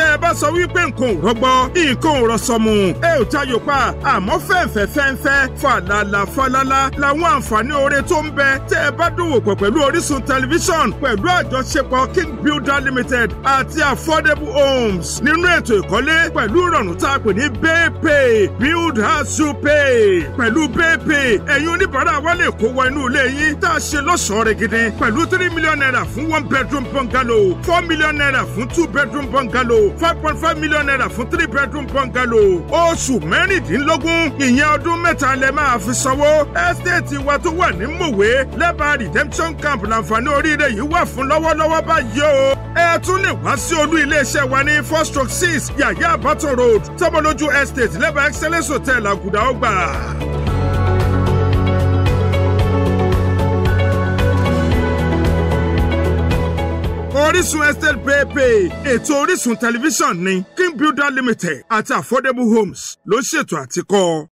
tẹ́ ẹ bá sọ wípé nǹkan ò rọgbọ nǹkan ò rọsọmù ẹ ò tayò pa àmọ́ fẹ́ǹfẹ́ fẹ́ǹfẹ́ fàlàlà fàlàlà làwọn àǹfààní oore tó ń bẹ tẹ́ ẹ bá dòwò pọ̀ pẹ̀lú Orísun tẹlifíṣọ̀n pẹ̀lú àjọṣepọ̀ King Builder Limited àti Affordable Homes nínú ètò ìkọ́lé pẹ̀lú ìrọ̀rùn tá a pè ní baypay build house you pay pẹ̀lú baypay ẹ̀yin oníbàárà wa lè kó wọ inú ilé yín tá a ṣe lọ́ṣọ̀ọ́ rẹ̀ gidi pẹ̀lú three million naira fún one bedroom bungalow four million naira fún two bedroom bungalow five point five million naira fún three bedroom bungalow oṣù mẹ́rìndínlógún ìyẹn ọdún mẹ́ta lẹ máa fi sanwó ẹ́stéètì wa tó wà ní mòwe lẹ́bàá redemption camp làǹfààní oríire yìí wà fún lọ́wọ́lọ́wọ́ báyìí o ẹ tún lè wá sí olú iléeṣẹ́ wa ní four stroke six yàyà àbátọ̀ road tọ́mọlójú estate lẹ́bàá excellence hotel àgùdà ọgbà. orísun estate pay ètò orísun tẹlifíṣàn ní king builder limited àti affordable homes ló ń ṣètò àtikọ́.